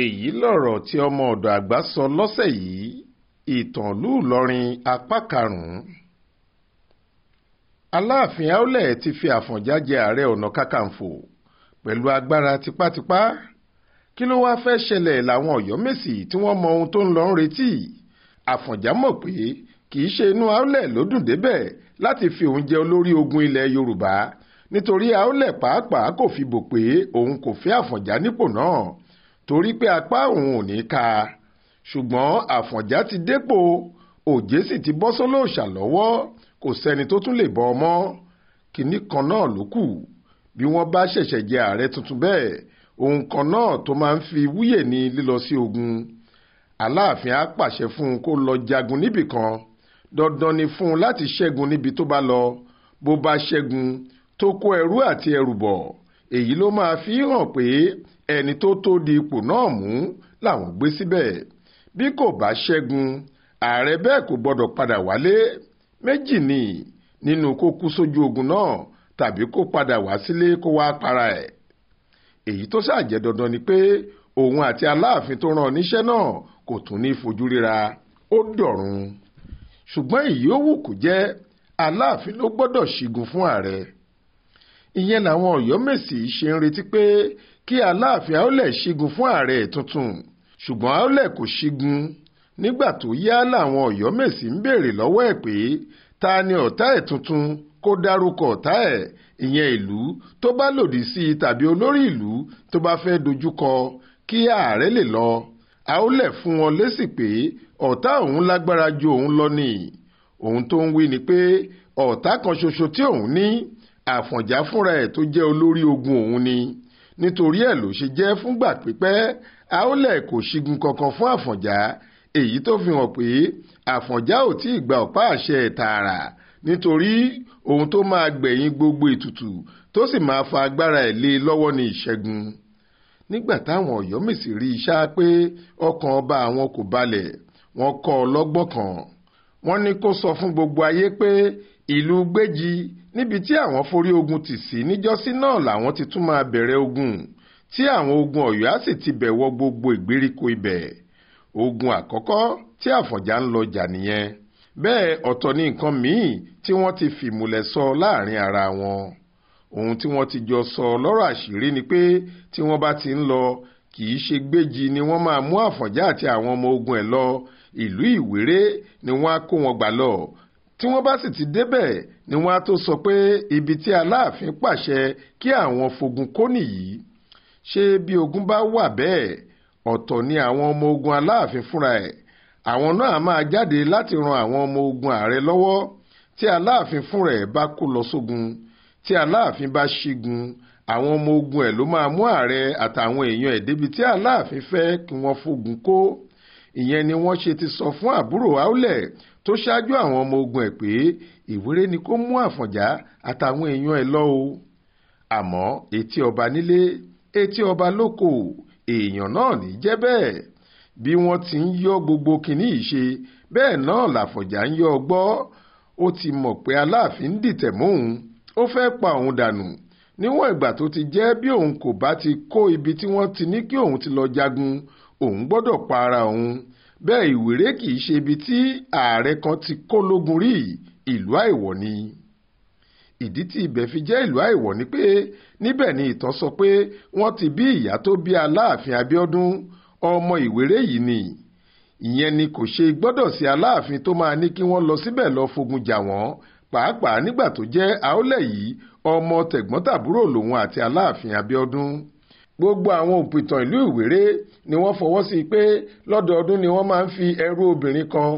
èyí lọ̀rọ̀ tí ọmọ ọ̀dọ̀ àgbà sọ lọ́sẹ̀ yìí ìtànlú ìlọrin apá karùn-ún. aláàfin aulẹ̀ ti fi àfọ̀njá jẹ ààrẹ ọ̀nà kàkàǹfò pẹ̀lú agbára tipátipá kí ló wáá fẹ́ ṣẹlẹ̀ làwọn ọ̀yọ́mèsì tí wọ́n mọ ohun tó ń lọ ń retí àfọ̀njá mọ̀ pé kì í ṣe inú aulẹ̀ ló dùn débẹ̀ láti fi òun jẹ olórí ogun ilẹ̀ yorùbá nítorí aulẹ̀ pàápàá kò fi bò pé òun kò fẹ́ àfọ̀njá nípò náà torí pé apá òun ò ní ká a ṣùgbọ́n àfọ̀njá ti dépò òjé sì ti bọ́ sọ́lọ́ọ̀ṣà lọ́wọ́ kò sẹ́ni tó tún lè bọ́ ọmọ kínní kan náà ló kù bí wọ́n bá ṣẹ̀ṣẹ̀ jẹ ààrẹ tuntun bẹ́ẹ̀ ohun kan náà tó máa ń fi wúyè ní lílọ sí ogun aláàfin á pàṣẹ fún un kó lọ jagun níbì kan dandan ni fún un láti ṣẹ́gun níbi tó bá lọ bó bá ṣẹ́gun tó kó ẹrú àti ẹrù bọ̀ èyí ló máa fi hàn pé ẹni tó tó di ipò náà mú làwọn gbé síbẹ̀ bí kò bá ṣẹ́gun ààrẹ bẹ́ẹ̀ kò gbọ́dọ̀ padà wálé méjì ni nínú kó kú sójú ogun náà tàbí kó padà wá sílé kó wá para ẹ̀ èyí tó ṣàjẹ́ dandan ni pé òun àti aláàfin tó rán níṣẹ́ náà kò tún ní fojú ríra ó dọ̀run ṣùgbọ́n ìyówù kò jẹ́ aláàfin ló gbọ́dọ̀ ṣígun fún ààrẹ ìyẹn làwọn ọ̀yọ́mèsì ṣe ń retí pé kí aláàfin Aolẹ̀ ṣígun fún ààrẹ tuntun ṣùgbọ́n Aolẹ̀ kò ṣígun nígbà tó yá làwọn Ọ̀yọ́mèsì ń béèrè lọ́wọ́ ẹ̀ pé ta ni ọ̀tá ẹ̀ tuntun kó dárúkọ ọ̀tá ẹ̀ ìyẹn ìlú tó bá lòdì sí i tàbí olórí ìlú tó bá fẹ́ dojúkọ kí ààrẹ lè lọ Aolẹ̀ fún wọn lésì pé ọ̀tá òun lágbára ju òun lọ ni òun tó ń wí ni pé ọ̀tá kan ṣoṣo tí òun ní Àfọ̀njá fúnra ẹ̀ tó jẹ́ olórí ogun òun ni nítorí ẹ̀ ló ṣe jẹ́ fúngbà pípẹ́ àólẹ̀ kò ṣígun kankan fún àfọ̀njá èyí tó fi hàn pé àfọ̀njá ò tí ì gba ọ̀pá àṣẹ tààrà nítorí ohun tó máa gbẹ̀yìn gbogbo ètùtù tó sì máa fa agbára ẹ̀ lé e lọ́wọ́ ní ìṣẹ́gun nígbà táwọn ọ̀yọ́mèsì rí i ṣáá pé ọkàn ọba àwọn kò balẹ̀ wọ́n kọ́ ọ lọ́gbọ́n kan wọ́n ní kó sọ fún gbogbo ayé pé ìlú gbéjì níbi tí àwọn forí ogun tì sí níjọ́sí náà làwọn ti tún máa bẹ̀rẹ̀ ogun tí àwọn ogun ọ̀yọ́ á sì ti bẹ̀ wọ gbogbo ìgbèríko ibẹ̀ ogun àkọ́kọ́ tí àfọ̀njá ń lọ jà nìyẹn bẹ́ẹ̀ ọ̀tọ̀ ní nǹkan míì tí wọ́n ti fìmùlẹ̀ sọ láàrin ara wọn ohun tí wọ́n ti jọ sọ lọ́rọ̀ àṣírí ni pé tí wọ́n bá ti ń lọ kì í ṣe gbéjì ni wọ́n máa mú àfọ̀njá àti àwọn ọmọ ogun ẹ̀ lọ ìlú ìwéré ni wọ́n á kó wọn gbà lọ tí wọ́n bá sì ti débẹ̀ ni wọ́n á tó sọ pé ibi tí aláàfin pàṣẹ kí àwọn fogun kó nìyí ṣé bí ogun bá wà bẹ́ẹ̀ ọ̀tọ̀ ni àwọn ọmọ ogun aláàfin fúnra ẹ̀ àwọn náà máa jáde láti ran àwọn ọmọ ogun ààrẹ lọ́wọ́ tí aláàfin fúnra ẹ̀ bá kó lọ sógun tí aláàfin bá ṣígun àwọn ọmọ ogun ẹ̀ ló máa mú ààrẹ àtàwọn èèyàn ẹ̀ débi tí aláàfin fẹ́ kí wọ́n fogun kó ìyẹn ni wọ́n ṣe ti sọ fún àbúrò aulẹ̀ tó ṣáájú àwọn ọmọ ogun ẹ̀ pé ìwéré ni kó mú àfọ̀njá àtàwọn èèyàn ẹ̀ lọ o àmọ́ etí ọba nílé etí ọba lóko èèyàn náà ní jẹ́ bẹ́ẹ̀ bí wọ́n ti ń yọ gbogbo kinní yìí ṣe bẹ́ẹ̀ náà làfọ̀njá ń yọ ọgbọ́ ó ti mọ̀ pé aláàfin dìtẹ̀ mọ́ òun ó fẹ́ pa òun dànù níwọ̀n ìgbà tó ti jẹ́ bí òun kò bá ti kó ibi tí wọ́n ti ní kí òun ti lọ jagun òun gbọ́dọ̀ pa ara òun bẹ́ẹ̀ ìwéré kì ṣe ibi tí ààrẹ kan ti kó lógun rí ìlú àìwọ̀ ni ìdí tí ibẹ̀ fi jẹ́ ìlú àìwọ̀ ni pé níbẹ̀ ni ìtàn sọ pé wọ́n ti bí ìyá tó bí aláàfin Abíọ́dún ọmọ ìwéré yìí ni ìyẹn ni kò ṣe gbọ́dọ̀ sí aláàfin tó máa ní kí wọ́n lọ síbẹ̀ lọ fogun jà wọ́n pàápàá nígbà tó jẹ́ àólẹ̀ yìí ọmọ tẹ̀gbọ́n-tàbúrò lòun àti aláàfin Abíọ́dún gbogbo àwọn òpìtàn ìlú Ìwéré ni wọ́n fọwọ́ sí i pé lọ́dọọdún ni wọ́n máa ń fi ẹrú obìnrin kan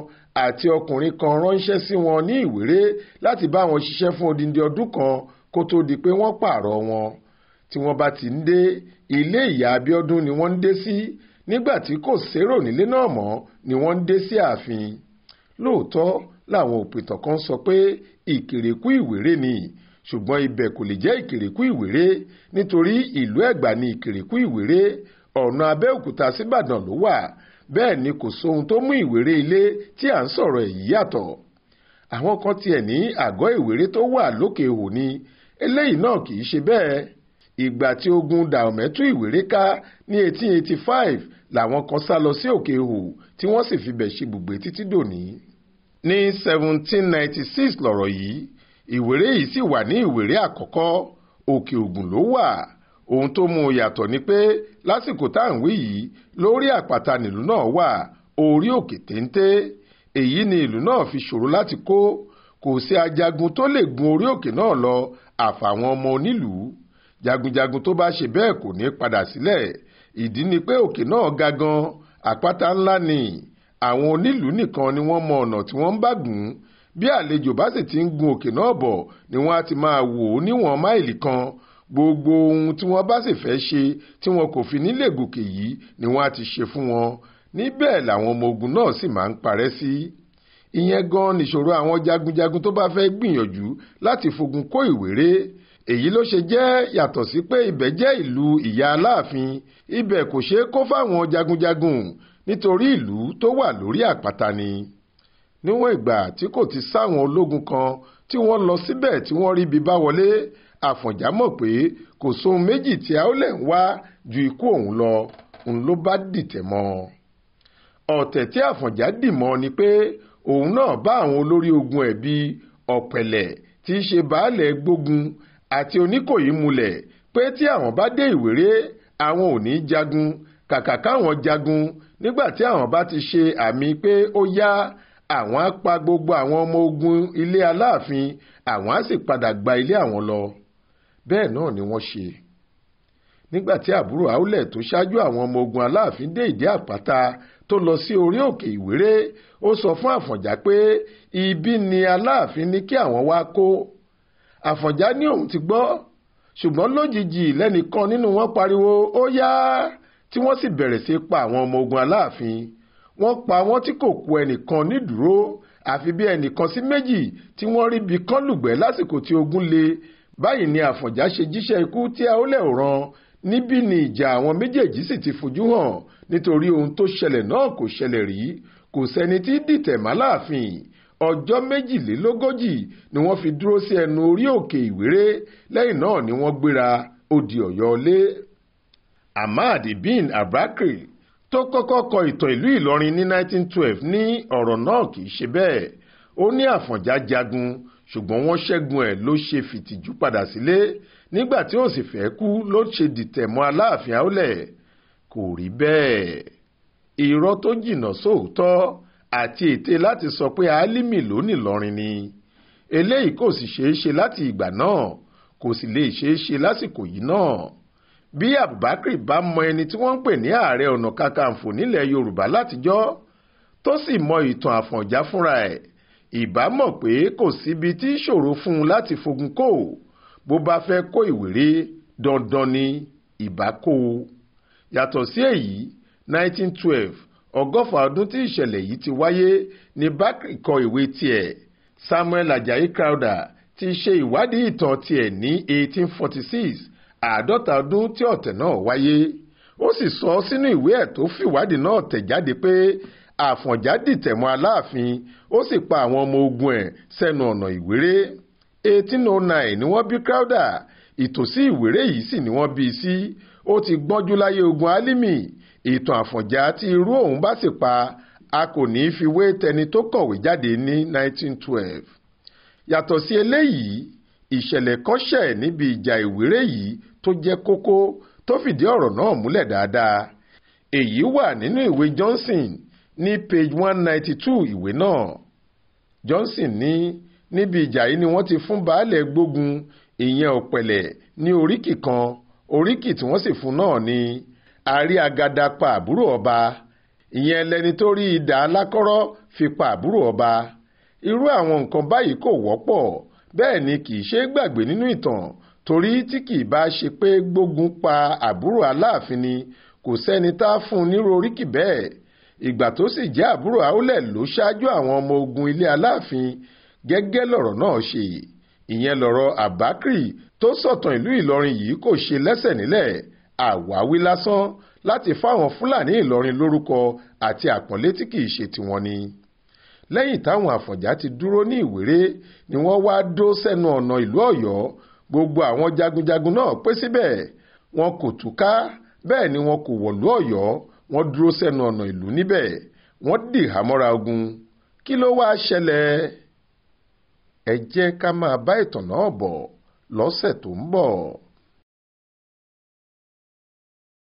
àti ọkùnrin kan ránṣẹ́ sí wọn ní Ìwéré láti bá wọn ṣiṣẹ́ fún odindi ọdún kan kó tó di pé wọ́n pààrọ̀ wọn tí wọ́n bá ti ń dé ilé ìyá Abíọ́dún ni wọ́n ń dé sí nígbà tí kò sérò nílé náà mọ́ ni wọ́n ń dé sí ààfin lóòótọ́ làwọn òpìtàn kan sọ pé ìkìrìkú ìwéré ni ṣùgbọ́n ibẹ̀ kò lè jẹ́ ìkìrìkú ìwéré nítorí ìlú ẹ̀gbá ni ìkìrìkú ìwéré ọ̀nà abẹ́òkúta síbàdàn ló wà bẹ́ẹ̀ ni kò sóhun tó mú ìwéré ilé tí à ń sọ̀rọ̀ èyí yàtọ̀ àwọn kan tiẹ̀ ní àgọ́ ìwéré tó wà lókè èhò ni eléyìí náà kì í ṣe bẹ́ẹ̀ ìgbà tí ogun dàòmẹ́tú ìwéré ká ní 1885 làwọn kan sá lọ sí òkè èhò tí wọ́n sì fibẹ̀ ṣebùgbé títí dòní ní 1796 lọ̀rọ̀ yìí ìwéré yìí sì wà ní ìwéré àkọ́kọ́ òkè ògùn ló wà ohun tó mú un yàtọ̀ ni pé lásìkò tá à ń wí yìí lórí àpáta nìlú náà wà orí òkè téńté èyí ni ìlú náà fi ṣòro láti kó kò sí ajagun tó lè gun orí òkè náà lọ àfàwọn ọmọ onílùú jagunjagun tó bá ṣe bẹ́ẹ̀ kò ní padà sílẹ̀ ìdí ni pé òkè náà ga àpáta ńlá ni àwọn onílùú nìkan ni wọ́n mọ ọ̀nà tí wọ́n ń bá gùn ún bí àlejò bá sì ti ń gun òkè náà bọ̀ ni wọ́n á ti máa wò ó níwọ̀n máìlì kan gbogbo ohun tí wọ́n bá sì fẹ́ ṣe tí wọn kò fi nílè gòkè yìí ni wọ́n á ti ṣe fún wọn níbẹ̀ làwọn ọmọ ogun náà sì máa ń parẹ́ sí. ìyẹn gan nìṣòro àwọn jagunjagun tó bá fẹ́ gbìyànjú láti fogun kó ìwéré èyí ló ṣe jẹ́ yàtọ̀ sí pé ibẹ̀ jẹ́ ìlú ìyá aláàfin ibẹ̀ kò ṣeé kó fáwọn jagunjagun nítorí ìlú tó wà lórí àpáta ni níwọ̀n ìgbà tí kò ti sáwọn ológun kan tí wọ́n lọ síbẹ̀ tí wọ́n rí ibi bá wọlé àfọ̀njá mọ̀ pé kò sóhun méjì tí a ó lẹ̀ ń wá ju ikú òun lọ òun ló bá dìtẹ̀ mọ́ ọ̀tẹ̀ tí àfọ̀njá dì mọ́ ni pé òun náà bá àwọn olórí ogun ẹ̀ bíi ọ̀pẹ̀lẹ̀ tí í ṣe baálẹ̀ gbógun àti oníkòyí mulẹ̀ pé tí àwọn bá dé ìwéré àwọn ò ní jagun kàkà káwọn jagun nígbà tí àwọn bá ti ṣe àmì pé ó yá àwọn á pa gbogbo àwọn ọmọ ogun ilé aláàfin àwọn á sì padà gba ilé àwọn lọ bẹ́ẹ̀ náà ni wọ́n ṣe nígbà tí àbúrò àúlẹ̀ tó ṣáájú àwọn ọmọ ogun aláàfin dé ìdí àpáta tó lọ sí orí òkè ìwéré ó sọ fún àfọ̀njá pé ibi ni aláàfin ní kí àwọn wá kó àfọ̀njá ní òun ti gbọ́ ṣùgbọ́n lójijì lẹ́nìkan nínú wọn pariwo ó yá. Oh, yeah! tí wọ́n sì bẹ̀rẹ̀ sí pa àwọn ọmọ ogun aláàfin wọ́n pa wọ́n tí kò kù ẹnìkan nídùúró àfi bí ẹnìkan sí méjì tí wọ́n rí bí kán lùgbẹ́ lásìkò tí ogun le báyìí ni àfọ̀njá ṣe jíṣẹ́ ikú tí àólẹ̀ òran níbí ni ìjà àwọn méjèèjì sì ti fojú hàn nítorí ohun tó ṣẹlẹ̀ náà kò ṣẹlẹ̀ rí kò sẹ́ni tí dìtẹ̀ má láàfin ọjọ́ méjìlélógójì ni wọ́n fi dúró sí ẹnu orí òkè ìwéré lẹ́yìn náà ni wọ́n gbéra ó ọ̀yọ́ lé ahmad bin abakri tó kọ́kọ́ kọ ìtàn ìlú ìlọrin ní 1912 ní ọ̀rọ̀ náà kì í ṣe bẹ́ẹ̀ ó ní àfọ̀njá jagun ṣùgbọ́n wọ́n ṣẹ́gun ẹ̀ ló ṣe fìtìjú padà sílé nígbà tí ó sì fẹ́ kú ló ṣe dìtẹ̀ mọ́ aláàfin àólẹ̀ kò rí bẹ́ẹ̀ irọ́ tó jìnnà sóòótọ́ àti ète láti sọ pé Àlímì ló ní ni eléyìí kò sì ṣeé ṣe láti ìgbà náà kò sì lè ṣeé ṣe lásìkò yìí náà bí abubakar bá mọ ẹni tí wọ́n ń pè ní ààrẹ ọ̀nà kakanfò nílẹ̀ yorùbá látijọ́ tó sì mọ ìtàn àfọ̀njá fúnra ẹ̀ ìbá mọ̀ pé kò síbi tí ìṣòro fún un láti fogun kò bó bá fẹ́ kó ìwéré dandan ni ìbá kó o yàtọ̀ sí èyí 1912 ọgọ́fà ọdún tí ìṣẹ̀lẹ̀ yìí ti wáyé ni Bakri kọ ìwé tiẹ̀ Samuel Ajayi Crowther ti ṣe ìwádìí ìtàn tiẹ̀ ní 1846 àádọ́ta ọdún tí ọ̀tẹ̀ náà wáyé ó sì sọ sínú ìwé ẹ̀ tó fìwádìí náà tẹ̀ jáde pé àfọ̀njá dìtẹ̀ aláàfin ó sì pa àwọn ọmọ ogun ẹ̀ sẹ́nu ọ̀nà ìwéré 1809 ni wọ́n bí Crowther ìtòsí ìwéré yìí sì ni wọ́n bí i sí ó ti gbọ́njú láyé ogun Álímì ìtàn àfọ̀njá tí irú òun bá sì pa a kò ní í fi wé tẹni tó kọ̀wé jáde ní 1912 yàtọ̀ sí eléyìí ìṣẹ̀lẹ̀ kan ṣẹ̀ níbi ìjà ìwéré yìí tó jẹ́ kókó tó fìdí ọ̀rọ̀ náà múlẹ̀ dáadáa èyí wà nínú ìwé Johnson ní page one ninety two ìwé náà Johnson ní níbi ìjà yìí ni wọ́n ti fún baálẹ̀ gbógun ìyẹn ọ̀pẹ̀lẹ̀ ní oríkì kan oríkì tí wọ́n sì fún náà ni àrí agada pa àbúrò ọba ìyẹn lẹni tó rí idà alákọ́rọ́ fi pa àbúrò ọba irú àwọn nǹkan báyìí kò wọ́pọ̀ bẹ́ẹ̀ ni kì í ṣe gbàgbé nínú ìtàn torí tí kì í bá ṣe pé gbógun pa àbúrò aláàfin ni kò sẹ́ni tá a fún un nírú oríkì bẹ́ẹ̀ ìgbà tó sì jẹ́ àbúrò àólẹ̀ ló ṣáájú àwọn ọmọ ogun ilé aláàfin gẹ́gẹ́ lọ̀rọ̀ náà ṣe ìyẹn lọ̀rọ̀ àbákírì tó sọ̀tàn ìlú ìlọrin yìí kò ṣe lẹ́sẹ̀ nílẹ̀ àwáwí lásán láti fáwọn fúlàní ìlọrin lórúkọ àti àpọ́nlé tí kì í ṣe tiwọn ni lẹ́yìn táwọn àfọ̀njá ti dúró ní ìwéré ni wọ́n wá dó sẹ́nu ọ̀nà ìlú ọ̀yọ́ gbogbo àwọn jagunjagun náà pé síbẹ̀ wọn kò túká bẹ́ẹ̀ ni wọn kò wọ̀lú ọ̀yọ́ wọn dúró sẹ́nu ọ̀nà ìlú níbẹ̀ wọ́n dì mọ́ra ogun kí ló wáá ṣẹlẹ̀ ẹ jẹ́ ká máa bá ìtàn náà bọ̀ lọ́sẹ̀ tó ń bọ̀.